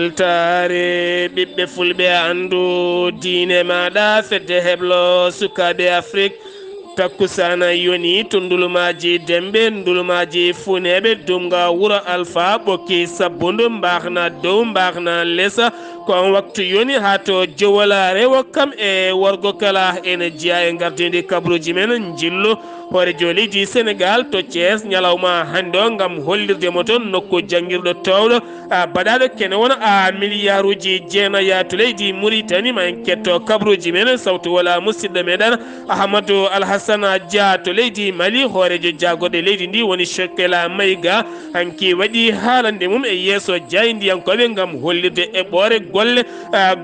siltaare ɓiɓɓe fulɓe anndu diine maɗa fedde heɓlo sukaɓe afrique takkusana yoni to ndulumaji dembe ndulumaji funeɓe dumga wuro alpha ɓokki sabbundu mbaxna dow mbaxna lesa kon waktu yoni ha to jowolarewo kam e worgo kala ene jeeya e gardidi kabruji men jillu hoore joli di sénégal to thies ñalawma hande o gam hollirdemo toon nokku janguirɗo towɗo baɗaɗo kene wona a milliard uji jeena yatuley di mouritani ma en ketto kabruji men sawtu wala musidɗo meɗen ahamadou alhassane dia to leydi mali hoorejo jagoɗo leydi ndi woni chokela mayga hanki waɗi haalande mum e yesso diaye ndiyankoɓe gam hollirde eɓɓore golle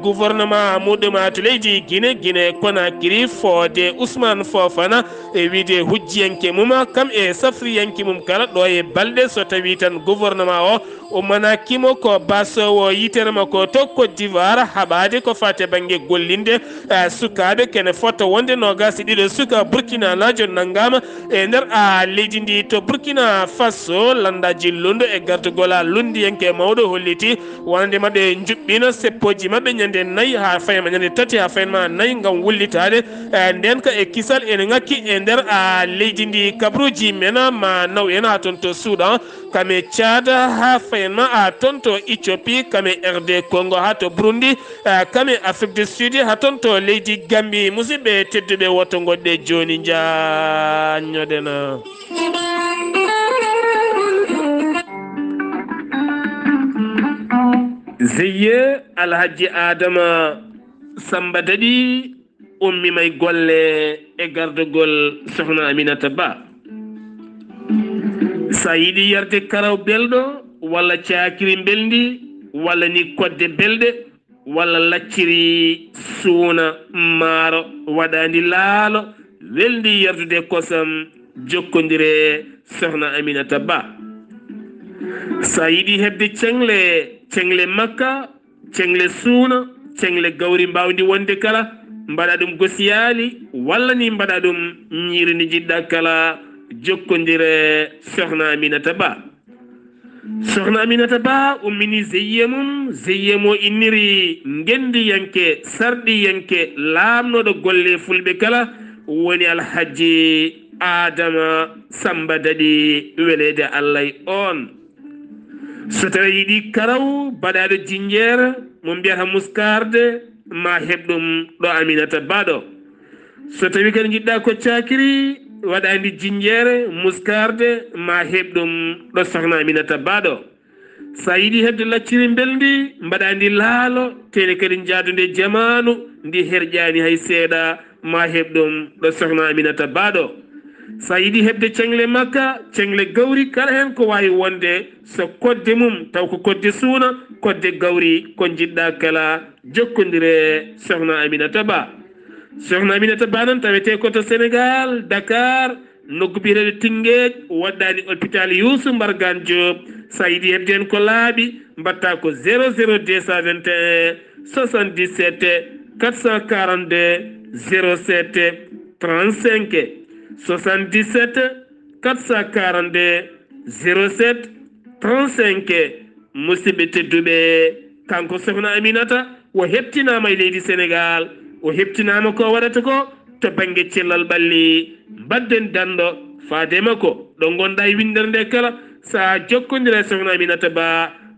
gouvernement muɗum to leydi guine guine konacri fode ousmane fofana e wiide hujjiyanke mum kam e safriyanke mum kala ɗo e balɗe so tawi tan gouvernement o o manakimo ko basowo yitérema ko to cote d'ivoire haɓade ko fate banggue gollinde e sukaɓe kene fota wonde nogasi ɗiɗo suka burkina lajo nangama e nder a leydi ndi to burkina faso landaji lundo e gardugol a lundiyanke mawɗo holliti wonande mabɓe juɓɓino seppoji mabɓe ñande nayyi ha fayma ñande tati ha fayma nayyi gam wullitade e nden ka e kisal ene ngakki e nder a ha kabruji mena ma naw ena ha tonto soudan kame tchad ha fayena ha tonto ethiopie kame rd congo ha to burundi eh, kame afrique du sud ha tonto leydi gambi musidɓe tedduɓe woto goɗɗe joni jañodena zeyye alhaji adama samba daɗi ummi may golle e gardogol sohna aminata ba sa yiɗi yarde karaw belɗo walla cakiri belndi walla ni kodde belɗe walla lacciri suuna maaro waɗandi laalo welndi yardude kosam jokkodire sohna aminata ba sa yiɗi heɓde cengle cengle makka cengle suuna cengle gawri mbawdi wonde kala mbaɗa ɗum ko siyaali walla ni mbaɗa ɗum ñiiri ndi jiɗɗa kala jokkondire sohna aminata ba sohna aminata ba ummini zeyye mum zeyye mo inniri ngendi yanke sarɗi yanke laamnoɗo golle fulɓe kala woni alhaji adama samba daɗi weleede allah on so tawi yiɗi karaw mbaɗaɗo jinjeere mo mbiyata muscarde ma heɓ ɗum ɗo aminata baɗo so tawi kadi jiɗɗa ko cakiri waɗandi jinjere muscarde ma heɓ ɗum ɗo sohna aminata baɗo sa yiɗi hebde lacciri belndi mbaɗandi laalo teni kadi jaadunde jamanu ndi herƴani hay seeɗa ma heɓ ɗum ɗo sohna aminata baɗo sa yiɗi heɓde cengle makka cengle gawri kala hen ko wawi wonde so kodde mum taw ko kodde suuna kodde gawri ko jiɗɗa kala jokkondire sohna aminata ba sohna aminata ba noon tawete koto sénégal dakar noggubirede tingueej waɗɗani hôpital yousu mbargane diob sayidi hebde hen ko laaɓi mbatta ko 00221 77442 07 35 77 442 07 35 musibɓe tedduɓe kanko sohna aminata o hettinama e leydi sénégal o heptinama ko waɗata ko to banggue cellal ɓalli badden dando fadema ko ɗo gonɗa e windere nde kala sa jokkodira e sokhna aminata ba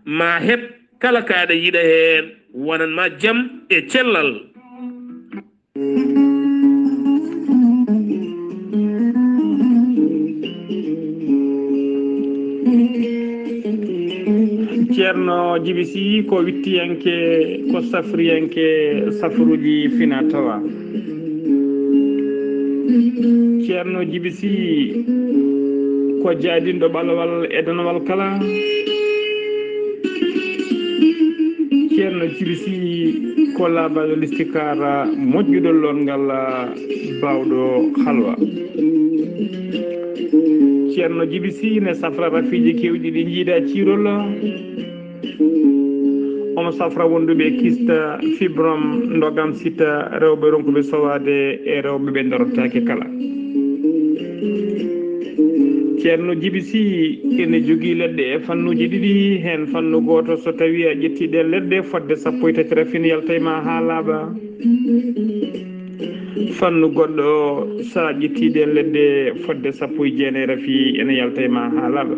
ma heeb kala kaɗa yiɗa hen wonanma jaam e cellal ceerno djiby si ko wittiyanke ko safriyanke safruji finatawa ceerno djiby si ko jaadinɗo ɓalowal e danowal kala ceerno djiby si ko labal istikara moƴƴuɗol lon ngal bawɗo halwa ceerno djiby si ne safra rafiji kewɗi ɗi jiida cirol omo safra wonduɓe kista fibrom dogam sita rewɓe ronkuɓe sowade e rewɓe ɓe dorotake kala ceerno djiby si ene jogui leɗɗe e fannuji ɗiɗi hen fannu goto so tawi a ƴetti ɗen leɗɗe fodde sappo e tati rafin yaltayma ha laaɓa fannu goɗɗo sa ƴetti ɗen leɗɗe fodde sappo e jeene rafi ene yaltayma ha laaɓa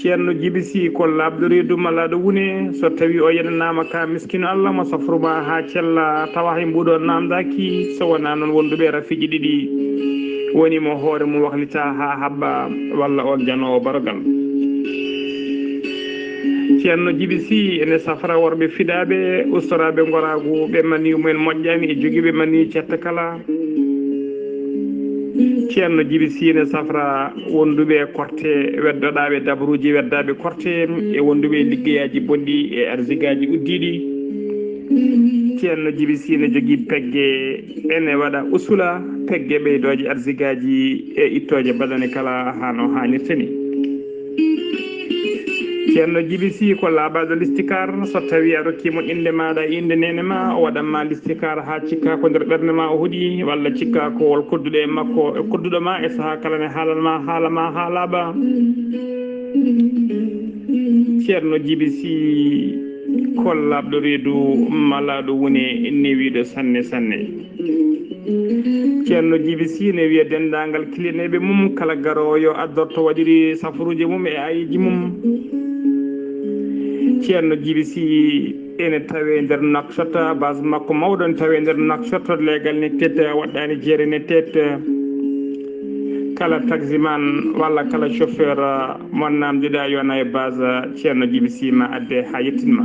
ceerno jibi si ko labdori e dumalla ɗo wune so tawi o yenanama ka miskino allah ma safruma ha cella tawa hay mbuɗo namdaki so wona noon wonduɓe rafiji ɗiɗi wonimo hoore mum wahlita ha habba walla on janowo bargal ceerno jibi si ene safra worɓe fiɗaɓe ustoraɓe goragu ɓe maniumumen moƴƴani e joguiɓe mani cetta kala ceerno jibi sine safra wonduɓe korte weddoɗaɓe dabaruji weddaɓe korte e wonduɓe liggeyaji bonɗi e arsigaji uddiɗi ceerno jibi sine jogui pegge ene waɗa usula pegge ɓeydoje arsigaji e ittoje mbaɗane kala hano hannirta ni ceerno jibi si ko laabaɗo listicar so tawi a rokkimo inde maɗa inde nene ma o waɗatma listicar ha cikka ko nder ɓerde ma o huuɗi walla cikka ko wol kodduɗo e makko e kodduɗo ma e saaha kala ne haalanma haalama ha laaɓa ceerno jibi si kollaɓɗo reedu malaɗo wone newiɗo sanne sanne ceerno jibi si ne wiya dendagal kilineɓe mum kala garowo yo addorto waɗiri safaruji mum e ayiji mum ceerno jiɓi si ene tawe nder nakchota base makko mawɗo ne tawe nder nakchota leegal ne tedda waɗɗani jeere ne tedda kala taxi man walla kala chauffeur mon namdiɗa yona e base ceerno jiɓi si ma adde ha yettinma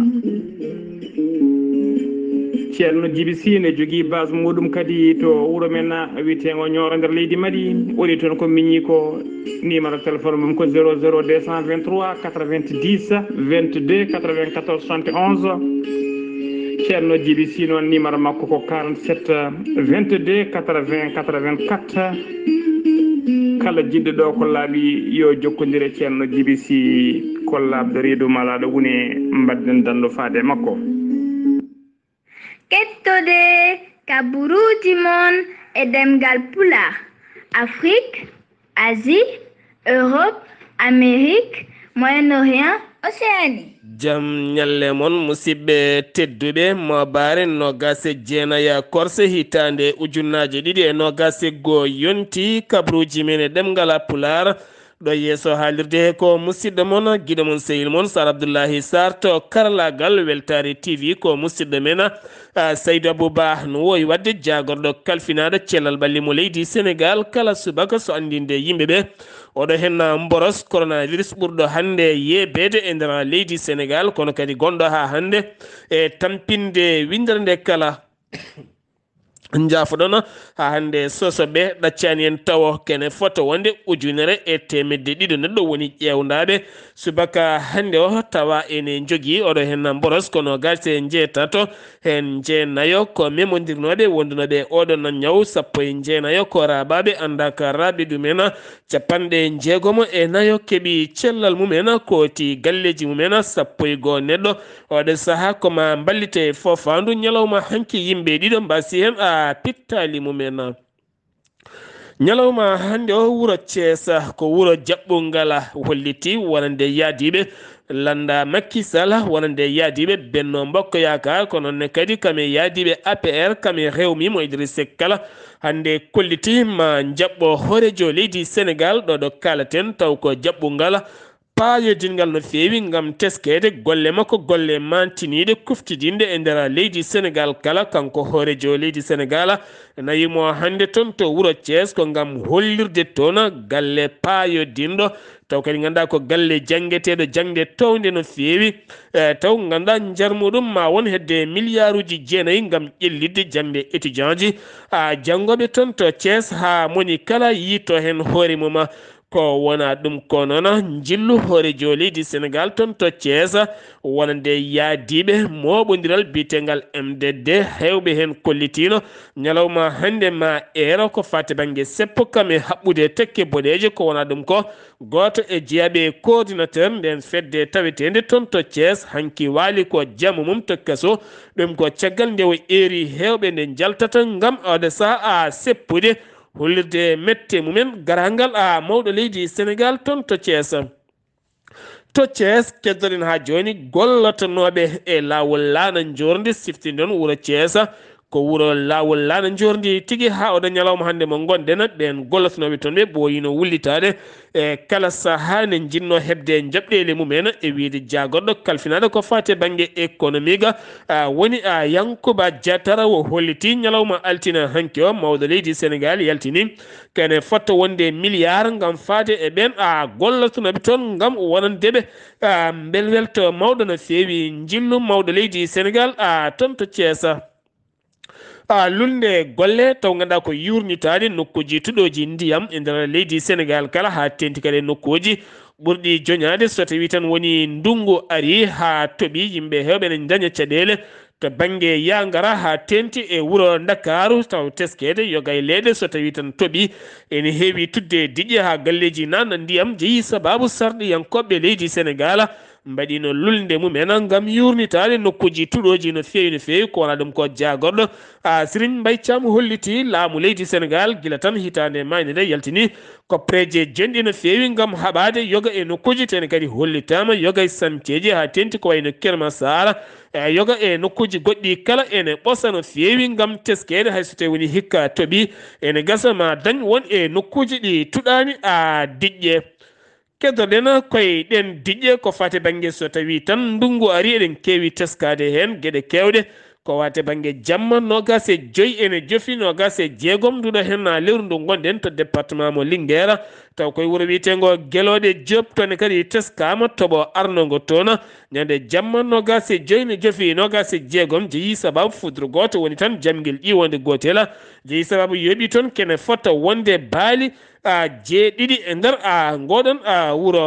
ceerno djiby sy ne jogii base muɗum kadi to wuro men wiyeteengo ñoora ndeer leydi maɗi woni toon ko miñii ko numéro téléphone mum ko 00223 90 22 94 71 ceerno djiby sy noon numéro makko ko 47 22 80 84 kala jiɗɗo ɗo ko laaɓi yo jokkondire ceerno djiby sy kollaabdo reedu malaaɗo wune mbaɗden danndo faade makko kettode kaburuji mon e demgal pula afrique asie europe amérique moyenorien océani jam ñalle mon musidɓe tedduɓe mobare nogase jeenaya korse hitande ujunnaji ɗiɗi e nogase goo yonti kabruji men e ɗemgal apular ɗo yeeso haalirde he ko musidɗo moon guiɗo moon sehil moon sar abdoullahi sar to karlagal weltare tv ko musidɗo men saydou abouba no wowi wadde jagorɗo kalfinaɗo cellal ɓallimo leydi sénégal kala subaka so andinde yimɓe ɓe oɗo hen boros coronavirus ɓurɗo hannde yeebede e ndera leydi sénégal kono kadi gonɗo ha hannde e tampinde windere nde kala jafuɗona ha hande sosoɓe ɗaccani en tawa kene foto wonde ujunere e temedde ɗiɗo neɗɗo woni ƴewdaɓe subaka hande o tawa ene jogui oɗo hen boros kono garte jeetato hen jeenayo ko memodirnoɓe wondunoɓe oɗon ñaw sappo e jeenayo ko rababe anda ka raɓe ɗumen capanɗe jeegomo e nayo keeɓi cellal mumen koti galleji mumen sappo e goo neɗɗo oɗo saaha koma ballite fofandu ñalawma hanki yimɓe ɗiɗo mbasi hen a pittali mumen ñalawma hannde o wuro ceesa ko wuro jaɓɓol ngal holliti wonande yaadiɓe landa makkisal wonande yaadiɓe benno mbokko yaka ko noonne kadi kami yaadiɓe apr kami rewmi mo idrisek kala hannde kolliti ma jaɓɓo hoorejo leydi sénégal ɗo ɗo kalaten taw ko jaɓɓol ngal paayodingal no feewi ngam teskeede golle makko golle mantiniide kuftidinde e ndera leydi sénégal kala kanko hoorejo leydi sénégal nayimo hannde toon to wuro thiesko ngam hollirde toon galle paayodinɗo taw kadi ngannduɗa ko galle jangeteeɗo jangde towde no feewi e taw ngannduɗa jarmuɗum ma won hedde milliard uji jeenayi ngam ƴellidde jangde étudient ji a janngoɓe toon to thies haa moni kala yiito heen hoore muma ko wona ɗum ko noon jillu hoore joliidi sénégal toon to thiése wonande yaadiɓe moɓodiral biyetegal mdd hewɓe hen kollitino ñalawma hande ma eero ko fate banggue seppo kam e haɓɓude tekke boɗeje ko wona ɗum ko goto e jeeyaɓe coordinateur nden fedde tawetede toon to thiése hanki waali ko jaamu mum to keso ɗum ko caggal nde o eeri hewɓe nde jaltata gam oɗo saha a seppude hollirde mette mumen garangal a mawɗo leydi sénégal toon to thies to thies keddoɗen ha joni gollotonoɓe e lawol lana jorde siftinɗon wuuro thies ko wuro laawol laana joorndi tigi haa oɗo ñalawma hannde mo ngonɗena ɓeen gollotonoɓe toon ɓe ɓooyino wullitaade e kala sahaa nen njinno heɓde jaɓɗeele mumen e wiide jaagoɗɗo kalfinaaɗo ko faati baŋnge économie ga woni a yankuba jatara o holliti ñalawma altina hanke o mawɗo leydi sénégal yaltini kane fotta wonde milliard ngam faade e ɓeen a gollotonoɓe toon ngam wonandeɓe mbelwelto mawɗo no feewi njillu mawɗo leydi sénégal a toon to ceesa a lulnde golle taw ganduɗa ko yurnitade nokkuji tuɗoji ndiyam e nder leydi sénégal kala ha tenti kadi nokkuji ɓurɗi joñade so tawi tan woni ndungu ari ha toɓi yimɓe hewɓe ne daña caɗele to bangue yagara ha tenti e wuuro dakaru taw teskede yoga e leɗe so tawi tan toɓi ene heewi tudde diƴƴe ha galleji nana ndiyam jeeyi sababu sarɗi yankoɓe leydi sénégal mbaɗino lulde mumen gam yurnitade nokkuji tuɗoji no fewi no fewi ko wona ɗum ko jagorɗo a sirin mbay cam holliti laamu leydi sénégal guila tan hitande maynede yaltini ko préje jonɗi no fewi gam haɓade yoga e nokkuji tene kadi hollitama yoga e samteji ha tenti ko wayno kerma sara e yoga e nokkuji goɗɗi kala ene ɓosa no fewi gam teskede hayso tawi woni hikka toɓi ene gasa ma dañ won e nokkuji ɗi tuɗani a diƴƴe kedoɗen koye ɗen diƴƴe ko fate banggue so tawi tan ndungu ari eɗen kewi teskade hen gueɗe kewɗe ko wate banggue jamma nogas e joyi ene joofi nogas e jeegom nduɗo hen na lewru ndu gonɗen to département mo linguera taw koye wuuro witego gueloɗe joob tone kadi teskama tooɓo arnogo toona ñande jamma nogas e joyi ne joofi nogas e jeegom jeeyi sababu fudre goto woni tan jamguel ƴiwode gotela jeeyi sababu yooɓi toon kene fota wonde baali jeeɗiɗi e nder a goɗon wuro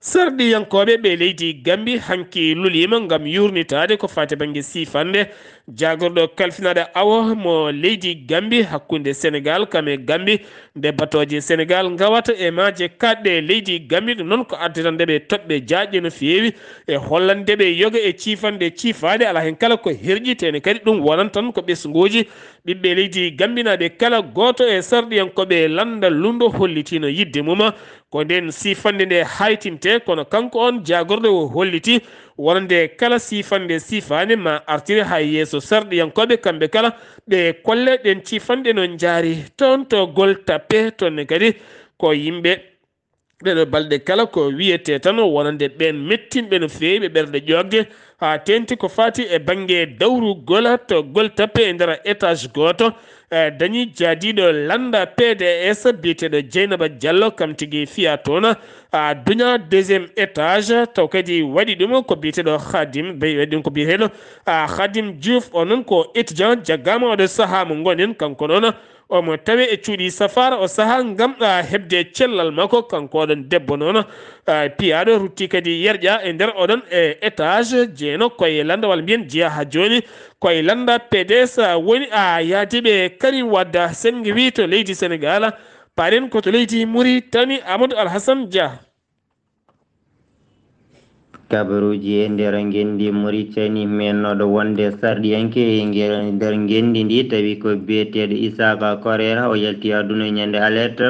sarɗiyankoɓe ɓe leydi gambi hanki lulima gam yurnitade ko fate banggue sifande jagorɗo kalfinaɗa awo mo leydi gambi hakkude sénégal kame gambi nde batoji sénégal gawata e maje kaɗɗe leydi gambi ɗum noon ko addata ndeɓe toɓɓe jaƴƴe no fewi e hollandeɓe yoga e cifande cifade ala hen kala ko herƴitene kadi ɗum wonan tan ko ɓesgoji ɓiɓɓe leydi gambinaɓe kala goto e sarɗiyankoɓe landa lundo hollitino yidde muma ko nden sifande nde haytinte kono kanko on jagorɗo o holliti wonande kala sifande sifani ma artiri ha yeeso sarɗiyankoɓe kamɓe kala ɓe kolle ɗen sifanɗe non jaari toon to gol tappe tonne kadi ko yimɓe ɗeɗo balɗe kala ko wiyete tan wonande ɓen mettinɓe no fewi ɓe ɓerɗe joogue ha tenti ko fati e bangge dawru gola to gol tappe e ndera étage goto Eh, dañi jaadiɗo landa pds biyeteɗo dieynaba diallo kam tigui fiya toon a ah, duña deuxiéme étage taw kadi waɗi ɗum ko biyeteɗo hadim bey waɗi ɗum ko biyeteɗo ah, khadim diouf onon ko étudiant jaggama oɗo saaha mo gonen kanko noon omo tawi e cuuɗi safara o saaha gam a heɓde cellal makko kankoɗon debbo noon piyaɗo rutti kadi yerƴa e nder oɗon e étage jeeno koye landa walla mbiyen jeeya ha joni koye landa pds woni a yaadiɓe kari wadda sen gui wi to leydi sénégal paren koto leydi mouri tani amadou alhassane dia kabaruji e nder gendi maritani mennoɗo wonde sarɗiyanke e nder gendi ndi tawi ko biyeteɗo isaka korera o yalti aduna e ñande alerte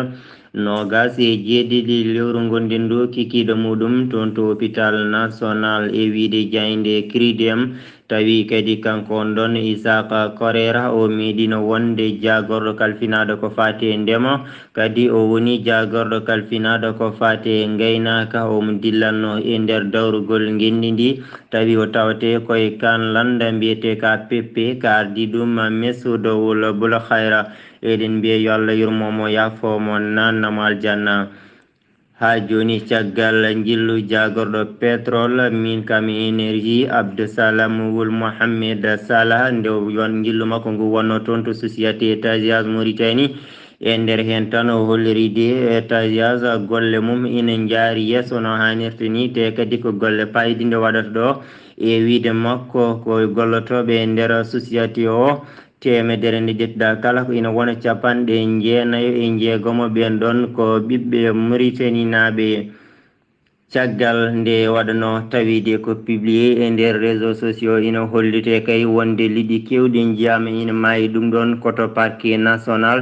nogas e jeeɗiɗi lewru gonde ndo kikiɗo muɗum toon to hôpital national e wiide jayde cridem tawi kadi kanko on ɗon isaka korera o meɗino wonde jagorɗo kalfinaɗo ko fati e ndema kadi o woni jagorɗo kalfinaɗo ko fati e gaynaka omo dillanno e nder dawrugol gendi ndi tawi o tawate koye kan landa mbiyete ka peppe ka ardi ɗum mesudo wulo bolo hayra eɗen mbiya yo allah yurmomo yafomo nannamo aljanna ha joni caggal jillu jagorɗo petrol min kami énergie abdusalam wol mohammed salah nde jillu makko ngu wonno toon to société tagias mauritani e nder hen tan o holliride tagias golle mum ina jaari yeeso no hanirta ni te kadi ko golle payidi nde waɗata ɗo e wiide makko ko gollotoɓe e nder société o temedere nde jettiɗa kala ko ina wona capanɗe jeenayo e jeegomo ɓen ɗon ko ɓiɓɓe muritani naaɓe caggal nde waɗano tawide ko publié e nder réseau sociaux ina hollite kay wonde liɗi kewɗi jiyama ina maayi ɗum ɗon koto parqui national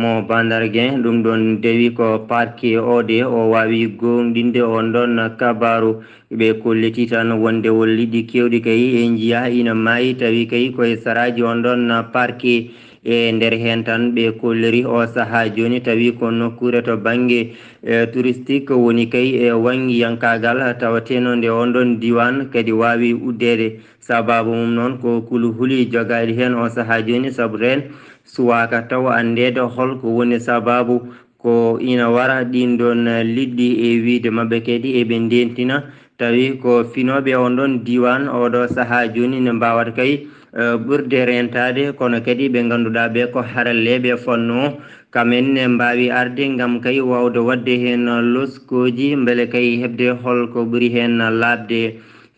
mo bandarguin ɗum ɗon dewi ko parki ode o wawi gonɗinde on ɗon kabaru ɓe kolliti tan wonde wolliɗi kewɗi kayi e jiya ina mayi tawi kayi koye saraji on ɗon parki e nder hen tan ɓe kolleri o saha joni tawi ko nokkure to bangge e touristique woni kay e wangi yankagal tawateno nde onɗon diwan kadi wawi uddede sababu mum noon ko kulu huli jogaɗi hen o saha joni saabu ren suwaka taw andede holko woni sababu ko ina wara ɗinɗon liɗɗi e wiide mabɓe kadi eɓe dentina tawi ko finoɓe onɗon diwan oɗo saha joni ne mbawata kay Eh, ɓurde rentade kono kadi ɓe ngannduɗa ɓe ko haralleɓe fonno kamen ne mbawi arde ngam kay wawde wadde hen loskuji beele kay heɓde holko ɓuuri hen labde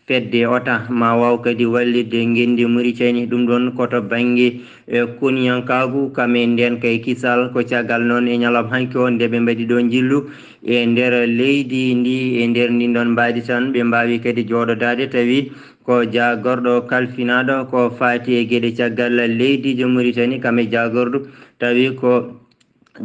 fedde ota ma waw kadi wallidde gendi muritiani ɗum ɗon koto bangi e kuniyankagu kame nden kay kisal ko cagal noon e ñalom hanki o nde ɓe mbaɗi ɗo jillu e nder leydi ndi e nder ndi ɗon mbaadi tan ɓe mbawi kadi jooɗodade tawi ko jagorɗo kalfinaɗo ko fati e gueɗe caggal leydije muritani kame jagordu tawi ko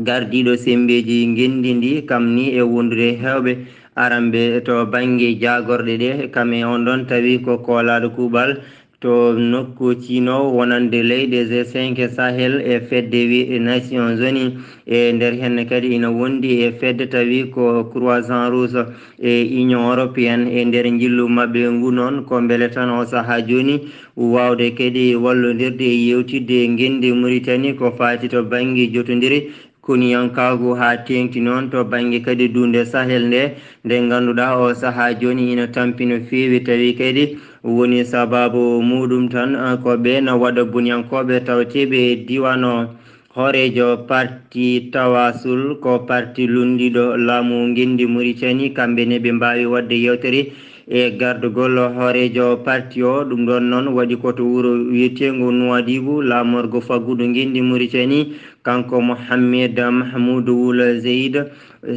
gardiɗo sembeji gendi ndi kam ni e wondude hewɓe arambe to bangge jagorɗe ɗe kame on ɗon tawi ko kolaɗo kuɓal to nokku cino wonande leyɗe g5 sahel e fedde wi nations uni e nder hen kadi ina wondi e fedde tawi ko croisant rouse e union européenne e nder jillu mabɓe ngu noon ko beele tan o saaha joni wawde kadi wallodirde e yewtidde guendi mauritanie ko fati to banggue jotodiri kuniyankagu ha tengti noon to bangge kadi dunde sahel nde nde ganduɗa o saaha joni ina tampi no fewi tawi kadi woni sababu muɗum tan eh, ko ɓe no waɗa buniyankoɓe tawteɓe diwano horejo parti tawasul ko parti lundiɗo laamu gindi muritani kamɓe ne ɓe mbawi wadde yewtere e gardugol horejo parti o ɗum ɗon noon waɗi koto wuuro wiyetengo nowadibou laamorgo faggudu gindi muritani kanko mohammed mahmoudou wula zeyd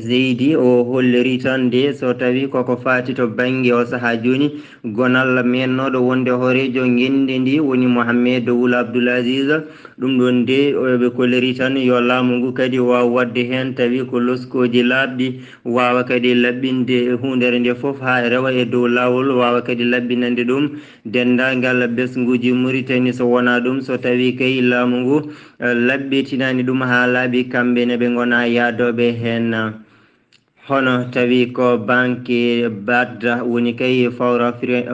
zeydi o holliri tan de so tawi koko fati to bangue o saaha joni gonal mennoɗo wonde hoorejo guendi ndi woni mohammed wula abdoul asis ɗum ɗon de ɓe kolliri tan yo laamu ngu kadi wawa wadde hen tawi ko loskoji laaɓɗi wawa kadi laɓɓinde hundere nde foof ha e rewa e dow lawol wawa kadi laɓɓinande ɗum dendagal besguji muritani so wona ɗum so tawi kayi laamu ngu labbitinani ɗum ha laaɓi kamɓe ne ɓe gona yadoɓe hen hono tawi ko banque badda woni kayi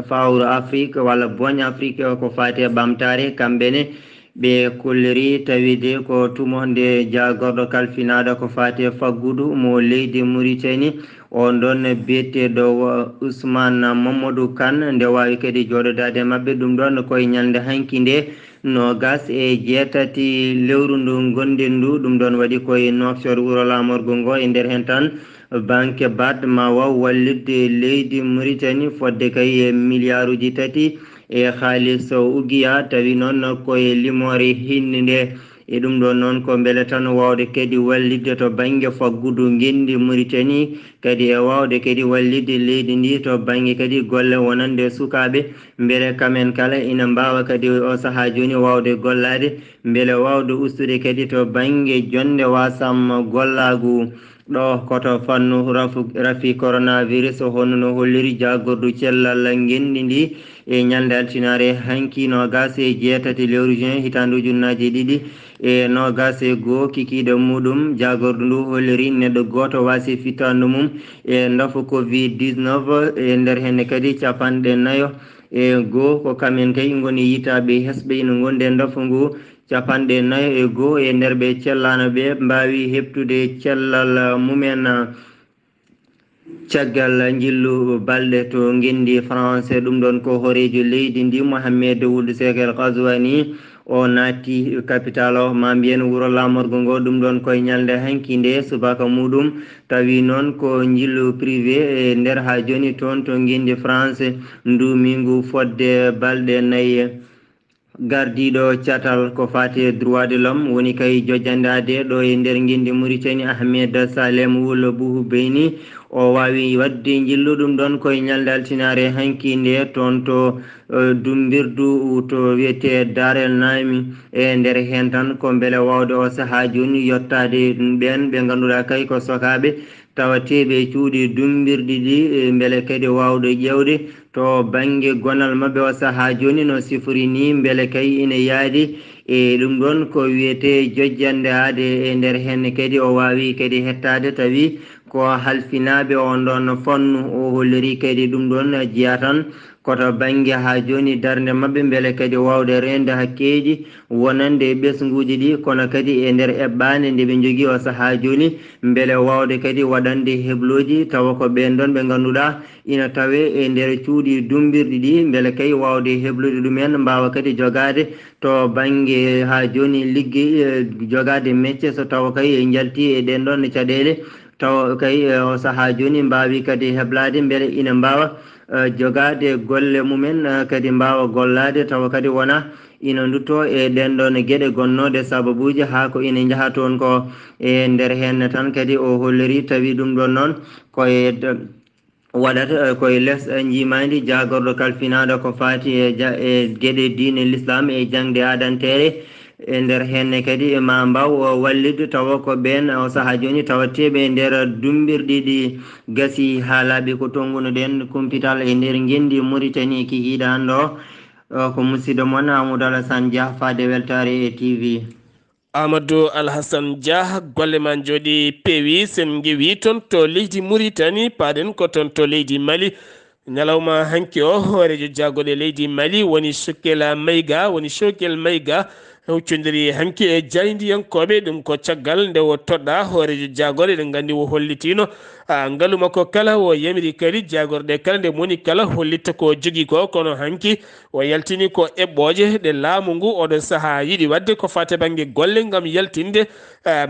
fawro afrique walla boigne afrique ko fate ɓamtare kamɓene ɓe kolliri tawide ko tumo nde jagorɗo kalfinaɗo ko fati faggudu mo leydi muritani on ɗon biyeteɗo usmane mamadou kane nde wawi kadi joɗodade mabɓe ɗum ɗon koye ñalde hanki nde nogas e jeetati lewru ndu gonden ndu ɗum ɗon waɗi koye nofsor wuro lamorgo ngo e nder hen tan banque bat ma waw wallirde leydi muritani fodde kay e milliard uji tati e haaliso ugiya tawi noon koye limori hinni nde e ɗum ɗon noon ko mbele tan wawde kadi wallidde to banggue faggudu gendi muritani kadi e wawde kadi wallidde leydi ndi to banggue kadi golle wonande sukaɓe mbele kamen kala ina mbawa kadi o saaha joni wawde gollade mbele wawde ustude kadi to banggue jonde wasam gollagu ɗo koto fannu rafi coronavirus honno holliri jagordu cellal gendi ndi e ñalde altinare hanki no gase jeetati lewru juin hitande ujunnaji ɗiɗi e no gase goo kikiɗe muɗum jagordu ndu holliri neɗɗo goto wasi fittandu mum e dafa covid 19 e nder hende kadi capanɗe nayo e goo ko kamen tawi goni yitaɓe hesɓe ino gonde dafa ngu capanɗe nayo e goo e nder ɓe cellano ɓe mbawi heptude cellal mumen caggal jillu balɗe to guindi français ɗum ɗon ko horejo leydi ndi mohammed wudu sekel kasoani o naatti capital o ma mbiyen wuro lamorgo ngo ɗum ɗon koye ñalde hanki nde subaka muɗum tawi noon ko jillu privé e nder ha joni toon to guindi français ndumingu fodde balɗe nayye gardiɗo catal ko fate droit de l'homme woni kay jojandade ɗo e nder guindi mauritani ahmed salem wuulo bohu beyni o wawi wadde jilluɗum ɗon koye ñalde altinare hanki nde toon to e, dumbirdu to wiyete darel nami e nder hen tan ko beele wawde o saaha joni yettade ɗum ɓen ɓe ganduɗa kay ko sokaɓe tawa teɓe cuuɗi dumbirɗi ɗi e beele kadi wawde ƴewde to bange gonal maɓɓe o saha joni no sifori ni beele kay ina yaadi e ɗum ɗon ko wiyete jojjande ade e nder hen kadi o wawi kadi hettade tawi ko halfinaɓe on ɗon fannu o holliri kadi ɗum ɗon jiya tan koto banggue ha joni darde mabɓe beele kadi wawde rende hakkeji wonande e ɓesguji ɗi kono kadi e nder eɓɓade nde ɓe jogui o saaha joni beele wawde kadi waɗande hebloji tawa ko ɓenɗon ɓe ganduɗa ina tawe e nder cuuɗi dumbirɗi ɗi beele kadi wawde heblude ɗumen mbawa kadi jogade to banggue ha joni liggey e, jogade métce so tawa kadi e jalti e ɗenɗon e caɗele taw kay e, o saaha joni mbawi kadi heblade beele ina mbawa Eh, jogade golle mumen eh, kadi mbawa gollade tawa kadi wona ina duto e ɗen ɗon gueɗe gonnoɗe sababuji ha ko ina jaaha toon ko e nder henne tan kadi o holliri tawi ɗum ɗon noon koye waɗata eh, koye less jimadi jagorɗo kalfinaɗo ko fati e, e gueɗe dine l'islam e jangde adantere e nder henne kadi e ma mbaw wallidde tawa ko ɓen o saaha joni tawa teɓe e nder dumɓirɗi ɗi gasi ha laaɓi ko tongunoɗen compital e nder gendi maritani ki hiɗanɗo ko musidɗo moon amadou alhassane dia fade weltare e tv amadou alhassan dia golle ma jooɗi peewi sen gewi toon to leydi maritani paɗen ko toon to leydi mali ñalawma hanki o hoorejo jagoɗo leydi mali woni sokkel mayga woni sokkel mayga hewcodiri hanki e jayndiyankoɓe ɗum ko caggal nde wo toɗɗa hoorejo jagore eɗen gandi wo hollitino ngaalu makko kala o yamiri kadi jagorɗe kala nde moni kala hollitta ko jogui ko kono hanki o yaltini ko eɓɓoje ɗe laamu ngu oɗon saaha yiiɗi wadde ko fate banggue golle gaam yaltinde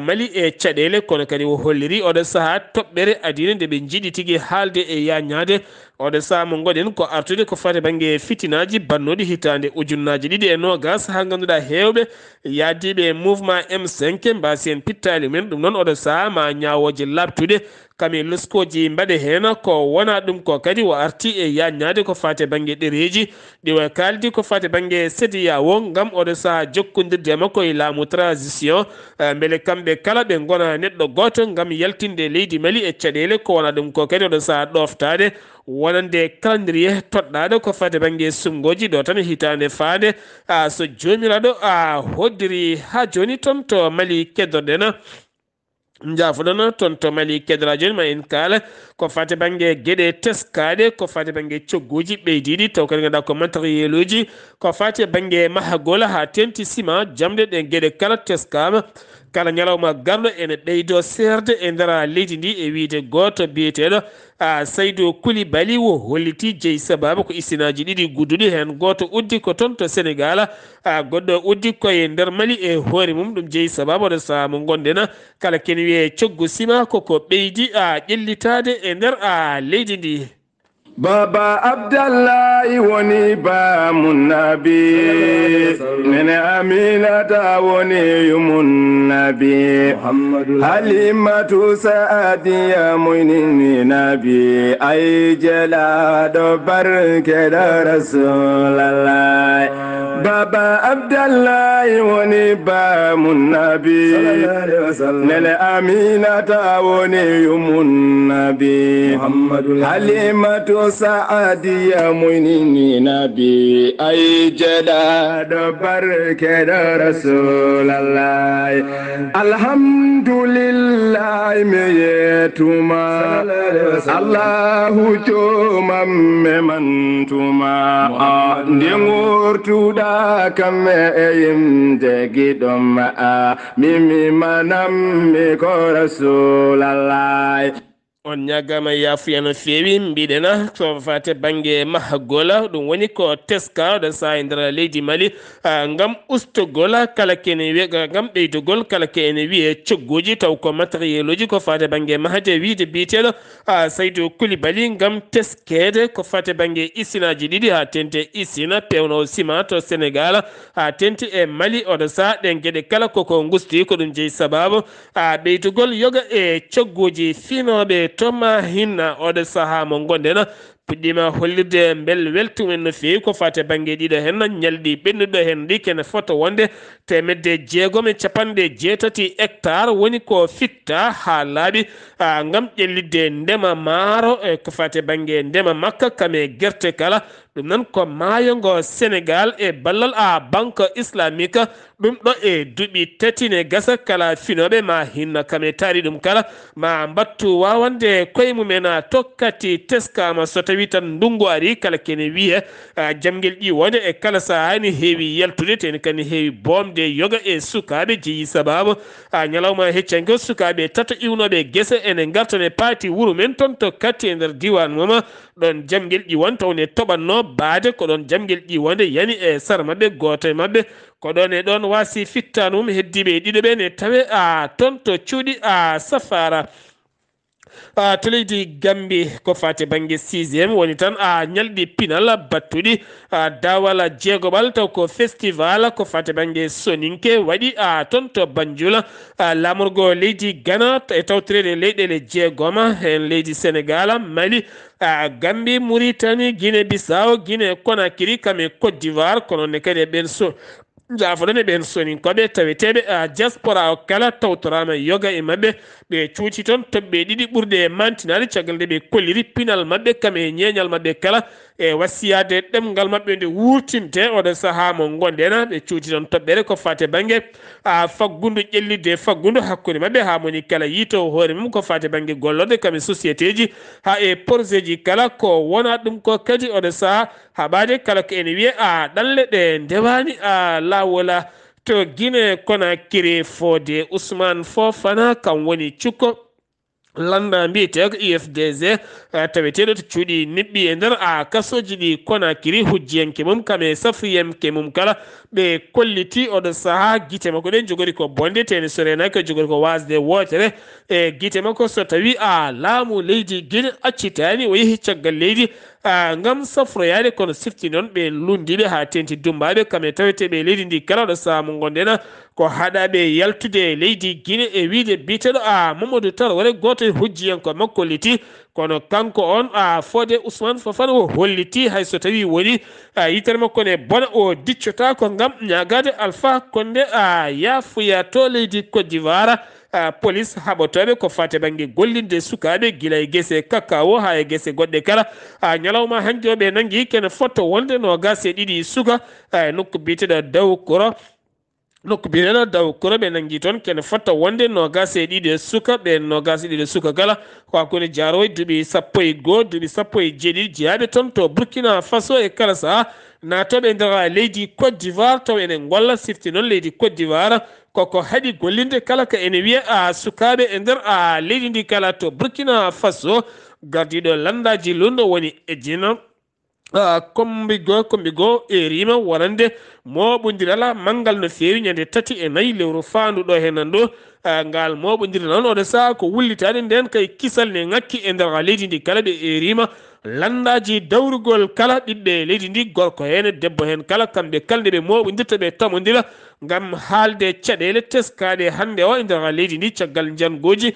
mali e caɗele kono kadi o holliri oɗon saaha toɓɓere adina nde ɓe jiiɗi tigui haalde e yañade oɗon saamu goɗen ko artude ko fati banggue fitinaji bannoɗi hitande ujunnaji ɗiɗi e nogas ha ganduɗa hewɓe yaddiɓe mouvement m5 mbasi en pittali mumen ɗum noon oɗon saaha ma ñawoji labtude kami luskoji mbaɗe heena ko wona ɗum ko kadi o arti e yaññade ko fate bangge ɗereji ɗiwa kaldi ko fate bangge sédiyawo gam oɗo saaha jokkodirde makko e laamu transition eh, beele kamɓe kala ɓe gona neɗɗo goto gam yaltinde leydi mali e caɗele ko wona ɗum ko kadi oɗo saaha ɗoftade wonande kalandirie toɗɗaɗo ko fate bangge sungoji ɗo tan hitande faade ah, so jomiraɗo a ah, hoddiri ha joni ton to mali keddorɗena jafuɗono toon to mali kedra joni ma en kala ko fate banggue gueɗe teskaɗe ko fate banggue cogguji ɓeydiɗi taw kadi ganduɗa ko matériel uji ko fate banggue mahagola ha tenti sima jamɗe ɗe gueɗe kala teskama kala ñalawma garɗo ene ɓeydo serde e ndera leydi ndi e wiide goto biyeteɗo a saydo kuli bali wo holliti jeyi sababu ko isinaji ɗiɗi gudduɗi hen goto uddi ko toon to sénégal a goɗɗo uddi koye nder mali e hoore mum ɗum jeeyi sababu oɗon saaha mo gondena kala kene wiye coggu sima koko ɓeydi a ƴellitade e nder a leydi ndi baba abdallahi woni bamunnabi nene aminata woni yumunnabi halimatu saadiya muyninninabi ay jelaɗo barkeɗo rasulallah baba abdallahi woni bamunnabi nene aminata woni yumunnabi halimatu sa'adiya muninina bi ay jeɗa ɗo barkeɗo rasulallah alhamdulillah me yetuma allahu jomam me mantuma ndegortuɗa kamme e yimdegiɗoma ah, mimimanam mi ko rasulallah on ñagama yafuya no fewi mbiɗena to fate banggue mahagola ɗum woni ko teska oɗo sa e nder leydi mali ah, gam ustogola kala kene wi gam ɓeydogol kala ke ene wiye coggoji taw ko matériel uji ko fate banggue mahade wiide biteɗo ha ah, saydou koulibaly gam teskede ko fate banggue isinaji ɗiɗi ha tente isina pewno sima to sénégal ha tente e mali oɗo sa ɗe gueɗe kala koko gusti ko ɗum jeyi sababu ha ah, ɓeydogol yoga e coggoji finoɓe toma hinna oɗo saaha mo gonɗen puɗɗima hollirde bel weltumen no fewi ko fate banggue ɗiɗo henna ñalɗi ɓennuɗo hen ɗi kene fota wonde temedde jeegom e capanɗe jeetati hectare woni ko fitta ha laaɓi gam ƴellidde ndema maaro e ko fate banggue ndema makka kame guerte kala ɗum noon ko maayongo sénégal e ballal a banque islamique ɗum ɗo e duuɓi tatine gasa kala finoɓe ma hinna kame taari ɗum kala ma mbattu wawande koye mumen tokkati teskama so tawi tawi tan ndunngu ari kala kene wiye jamgel ƴiwonde e kala sahaani heewi yaltude teni kani heewi boomde yoga e sukaaɓe jeyi sababu ñalawma heccanke sukaaɓe tata iwnooɓe gese ene ngartane paati wuro men toon to katti e ndeer diwan moma ɗon jamgel ƴiwonde tawne toɓatnoo baade ko ɗon jamgel ƴiwonde yani e sara maɓɓe goote maɓɓe ko ɗon e ɗon waasi fittanumum heddiiɓe ɗiɗo ɓe ne tawe a toon to cuuɗi a safara to leydi gambi ko fati banggue sixiéme woni tan a ñalɗi pinal battuɗi dawal jeegoɓal taw ko festival ko fati banggue soninke waɗi a toon to banjoula lamorgo leydi gana e tawtirede leyɗele jeegoma hen leydi sénégal mali gambi mouritani guiné bissau guiné conakiri kame côte d'ivoire kononne kadi e ɓen so jafoɗane ɓen soninkoɓe taweteɓe a diaspora o kala tawtorama yoga e mabɓe ɓe cuuti toon toɓɓe ɗiɗi ɓurde e mantinade caggal nde ɓe kolliri pinal mabɓe kam e ñeñal mabɓe kala e wassiyade ɗemgal maɓɓe nde wurtinte oɗo sahaa mo gonɗena ɓe cuuti noon toɓɓere ko fate bangue a faggudu ƴellide faggudu hakkude maɓɓe ha moni kala yitoo hoore mum ko fate bangue gollode kam e société ji ha e projet ji kala ko wona ɗum ko kadi oɗo saha haɓade kala ko ene wiye a ɗalle ɗe ndewani a lawola to guine kona kiri fode ousmane fofana kam woni cukko lamba mbiyeteko ufdg eh, taweteɗo to cuuɗi niɓɓi e nder a ah, kasoji ɗi konakiri hujjiyanke mum kame safriyanke mum kala ɓe kolliti oɗon saaha guite makko ɗen jogori ko bonde tene so renaki o jogori ko wasde wotere e guite makko so tawi a laamu leydi guine accitani o yeehi caggal leydi gam safroyade kono sifti noon ɓe lundiɓe ha tenti dumbaɓe kamɓe tawete ɓe leydi ndi kala ɗo saaha mo gondena ko haɗaɓe yaltude leydi guine e wiide biteɗo a mamadou tar wara goto hujjiyanko makkolliti kono kanko on a foode ousmane fofane o holliti hayso tawi woni a yitere makko ne bona o diccotako gam ñagade alpha konde a yafuya to leydi côte d'ivoire a police haɓotoɓe ko fate banggue gollinde sukaɓe guila e guese kakao ha e guese goɗɗe kala a ñalawma hanki oɓe nangui kene fotto wonde no gas e ɗiɗi suka a e nokku biteɗo dawkoro lokubirena daw kuraɓe nangi toon kene fota wonde nogas e ɗiɗi e suka ɓe nogas e ɗiɗi e suka gala ko hakkude jaroy duuɓi sappo e goho duuɓi sappo e jeeɗiɗi jeyaɓe toon to burkina faso e kala to natoɓe nder leydi cote d'ivoire taw enen golla sifti noon leydi cote d'ivoire koko hadi gollinde kala ka ene wiya a sukaɓe e nder a leydi ndi kala to burkina faso gardiɗo landaji lundo woni e jina a ah, kombi go kombi goo e rima warande moɓodir ala manggal no fewi ñande tati e nayyi lewru fandu ɗo henan ah, ɗo ngal moɓodir noon oɗo saaha ko wullitade nden kay kisal ne ngakki e nder leydi ndi kala ɓe e rima landaji dawrugol kala ɓiɓɓe leydi ndi gorko hene debbo hen kala kamɓe kalde ɓe moɓodirta ɓe tamodira ngam haalde caɗeele teskaaɗe hannde o e ndeer leydi ndi caggal njangooji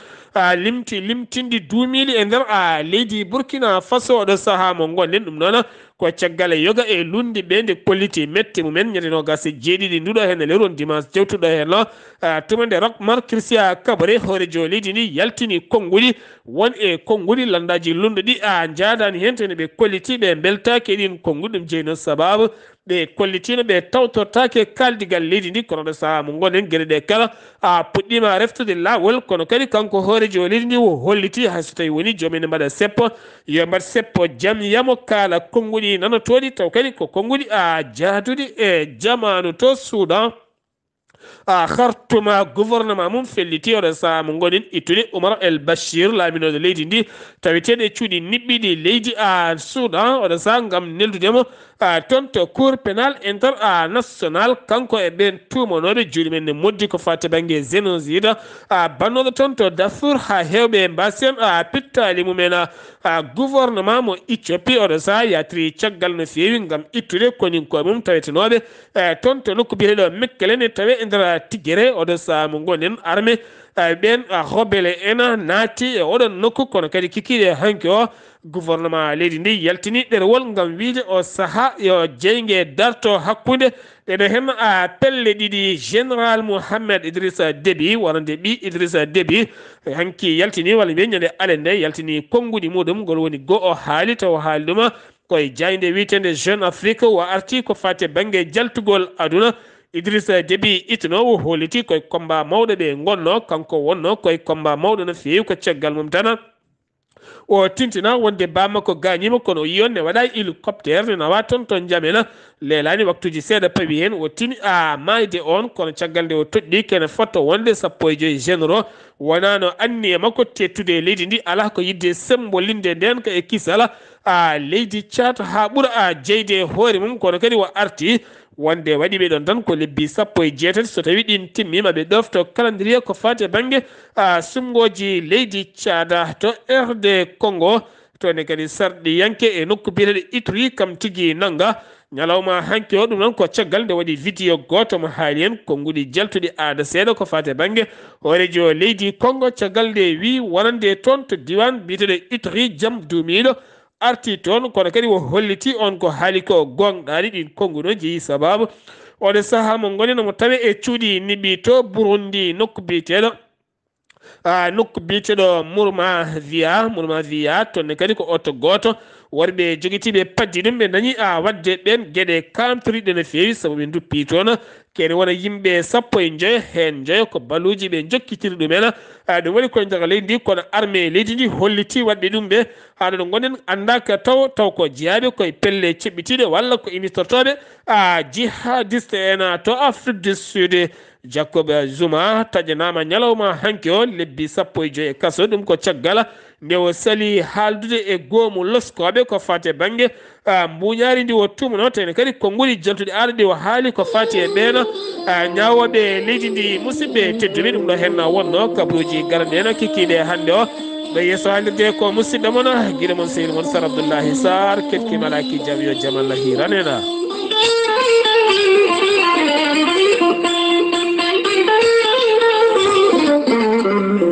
limti limtinɗi duumiili e ndeer leydi burkina faso oɗo sahaa mo ngonɗen ɗum noon ko caggal yoga e lunndi ɓe nde kolliti metti mumen ñatenogase jeeɗiɗi nduɗo heen e lewron dimanche jewtuɗo heen o tuma nde rok markrisia kabare hoorejo leydi ndi yaltini konnguɗi won e konnguɗi landaji lunnɗo ɗi a jaadani heen tone ɓe kolliti ɓe mbeltaki eɗin konnguɗi ɗum jeyno sababu ɗe kollitino ɓe tawtortake kaldigal leydi ndi kono ɗo saaha mo gonen gueɗe ɗe kala a puɗɗima reftude lawol kono kadi kanko jo leydi ndi o holliti hayso tawi woni joomene mbaɗa seppo yo mbat seppo jam yamo kala konnguɗi nanotoɗi taw kadi ko konnguɗi a jaaduɗi e jamanu to soudan a hartuma gouvernement mum felliti oɗo saha mo gonen ittude oumar el bachir laaminoɗo leydi ndi taweteɗe cuuɗi niɓɓiɗi leydi a soudan oɗo saha gam neldudemo ha ah, toon to cour pénal inter a ah, national kanko e ɓen tumanoɓe juuɗi men ne moddi ko fate banggue génoside a ah, bannoɗo toon to dafour ha hewɓe mbasen a pittali mumen a gouvernement mo éthiopie oɗo saha yatiri caggal no fewi gam ittude koninko mum tawetenoɓe e eh, toon to nokku biyeteɗo mekkelene tawe e nder tiguere oɗo saha mo gonen armé E ɓen hobbele ena naati e oɗon nokku kono kadi kikiɗe hanki o gouvernement leydi ndi yaltini ɗerewol gam wiide o saaha yo jeyge darto hakkude ɗeɗo e hen a pelle ɗiɗi général mouhammed idrissa déby warande ɓi idrissa déby hanki yaltini walla mbiya ñande ale nde yaltini konnguɗi muɗum gol woni go o haali taw haali ɗuma koye jayde wiitede jeune afrique o arti ko fate banggue jaltugol aduna idrissa deby itnowo holiti koye combat mawɗo ɓe gonno kanko wonno koye combat mawɗo no fewi ko ceggal mum tana o tintina wonde bamakko gañima kono o yiyon ne waɗa hélicoptere ne nawa toon toon jaamena leelani waktuji seeɗa paawi hen o tini a mayde on kono caggal nde o toɗɗi kene fotta wonde sappo e joyi généraux wonano annie makko tettude leydi ndi ala ko yidde sembolinde nden ka e kisala a leydi thiat ha ɓuura a jeyde hoore mum kono kadi o arti wonde waɗi ɓe ɗon tan ko lebbi sappo e jeetati so tawi ɗin timmima ɓe ɗofto calendrier ko fate bangge sumgoji leydi thiada to rde congo toni kadi sarɗi yanke e nokku biyeteɗe itri kam tigi nanga ñalawma hanke o ɗum noon ko caggal nde waɗi vidéo goto mo haali hen konnguɗi jaltuɗi aada seeɗa ko fate bangge horeji o leydi congo caggal nde wi wonande toon to diwan biyeteɗo itri jam duumiɗo arti toon kono kadi o holliti on ko haali ko gonɗaɗi ɗin konnguno jeeyi sababu oɗo saaha mo goni nomo tawe e cuuɗi niɓɓi to burundi nokku biyeteɗo nokku biteɗo mourma via mourma via tonne kadi ko oto goto worɓe joguitiɓe paddi ɗum ɓe dañi a wadde ɓen gueɗe kamtoriɗe no fewi saabu ɓe duppi toon keene wona yimɓe sappo e joyo hen joyo ko baluji ɓe jokkitiri ɗumen ɗum waɗi koye jaga leydi ndi kono armé leydi ndi holliti wadɓe ɗum ɓe haɗa ɗo gonɗen andaka taw taw ko jeyaɓe koye pelle ceɓɓitiɗe walla ko imistortoɓe a jihadiste en to afrique du sud jacob zuma taƴanama ñalawma hanke o lebbi sappo e joyi e kaso ɗum ko caggal nde o sali haaldude e goomu loskoɓe ko fati bangue mbuñari ndi o tumano tene kadi konnguli jaltude ara ɗi o haali ko fati e ɓeeno ñawoɓe leydi ndi musidɓe tedduɓe ɗum ɗo henna wonno kabruji gara ndeno kikkiɗe hande o ɓe yesso haalirde ko musidɗo moon guiɗe moon seydi moon sar abdoullahi sar ketkimalaki jam yo jamallah hiranena mm